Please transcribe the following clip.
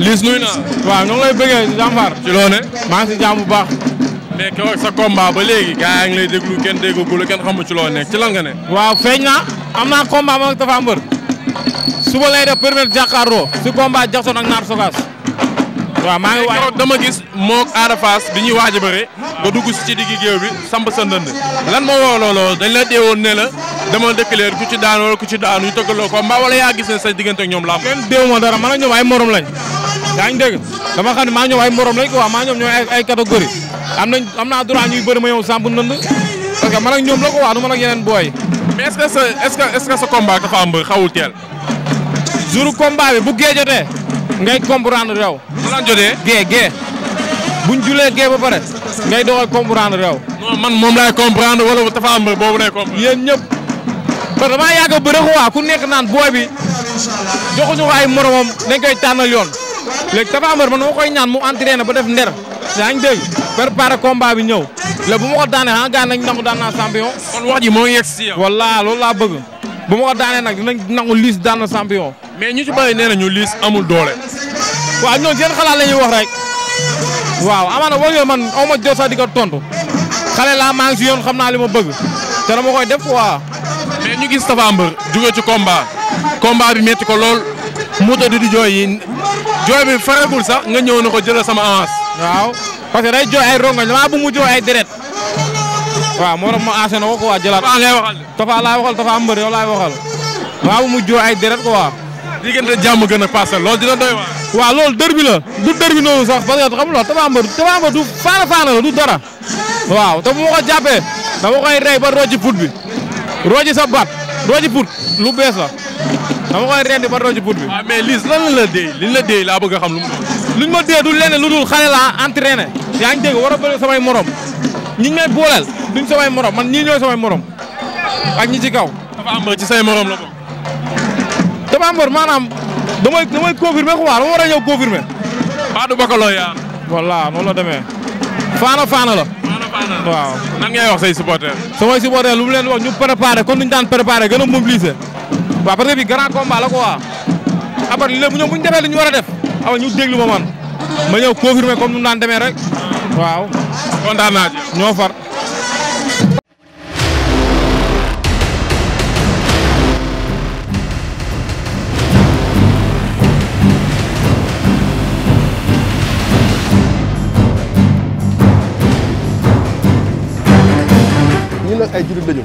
Liss nuyu naa. waa ñoo ngi lay bëggee jàmbaar. ci loo maa ngi si jàmm bu baax. mais keroog sa combat ba léegi gars yi ngi lay déglu kenn déggagul kenn xamu ci loo nekk ci lan nga ne. waaw feeñ na am naa combat moom dafa mbër. suba lay def permettre jàkkaarloo. si combat Jackson ak Naar Sogas. waaw maa ngi waay dama gis moog Ada Fass bi ñuy waaj a bëre nga dugg si ci diggi géew bi samba sa ndënd. lan moo waraloon loolu dañ la deewoon ne la dama dëkkaleer ku ci daan wala ku ci daanu ñu tëggaloo ko mbaa wala yaa gis ne sa diggante ak ñoom laa ay morom lañ yaa ngi dégg dama xam ne maa ñoom ay morom lañ quoi maa ñoom ñooy ay catégorie am nañ am naa droit ñuy yow samp nënd parce que man ak ñoom la ko wax du man yeneen booy mais est que sa est-ce dafa am xawul teel jour combat bi bu gee jotee ngay comprendre rew bu lan gee gee julee gee ba pare ngay doog a comprendre rew non man moom laay comprendre wala dafa am boobu lay comprendre yéen ñëpp parce que damaa yàgg a bëri ko waa ku nekk naan booy bi joxuñu ko ay moromam dañ koy tànnal yoon léegi Tapha Mbeur man ma koy ñaan mu entraîné ba def nder yaa ngi dégg préparé combat bi ñëw léegi bu ma ko daanee ah gaan nañ nangu daan naa champion. kon wax ji moo ngi yegg si yow. laa bëgg bu ma ko daanee nag dinañ nangu liis daan na champion. mais ñu ci bëri nee nañu liis amul doole. waaw ñoom seen xalaat la ñuy wax rek. waaw amaana boo ñëwee man aw ma jot sax tontu xale laa maa ngi si yoon xam naa li ma bëgg te dama koy def waaw. mais ñu gis Tapha Mbeur jóge ci combat combat bi métti ko lool. moto di di jooy yi jooy bi fareegul sax nga ñëw na ko jëlal sama avance. waaw parce que day jooy ay rongoñ damaa bëgg mu jooy ay deret waaw moo tax ma aase na ko quoi jëlaat. Tafa ngay waxal Tafa laay waxal Tafa mbër yow laay waxal. waaw mu jooy ay deret ko diggante jàmm gën a passé loolu dina doy waar. waaw loolu dër bi la du dër bi noonu sax parce que xam nga Tafa mbër Tafa mbër du faana faana la du dara. waaw te bu ko jàppee dama koy rey ba rooji put bi rooji sa baat rooji put lu bees la. dama koy rendi ba doon ci buut bi. waaw ah, mais Liss lan la la dee liñ la dee laa bëgg a xam lu mu doon. luñ ma dee du lenn lu dul xale laa entraîné. yaa ngi dégg war a bëri samay morom ñi ñu boolel booleel duñ samay morom man ñii ñooy samay morom ak ñi ci kaw. dafa ci say morom la ko. dafa am bër maanaam damay damay confirmer quoi dama war a ñëw confirmer. yaa. voilà noonu la demee. Faana Faana la. waaw nan ngay wax say supporters. samay supporters lu mu leen wax ñu préparé kon ni ñu daan préparé gën a waaw parce que bi grand combat la quoi après léegi ñoom bu ñu defee li ñu war a def awa ñu déglu ma man ma ñëw confirmer comme nu mu daan rek waaw. kontaan naa ñoo far. ay jullit lañu.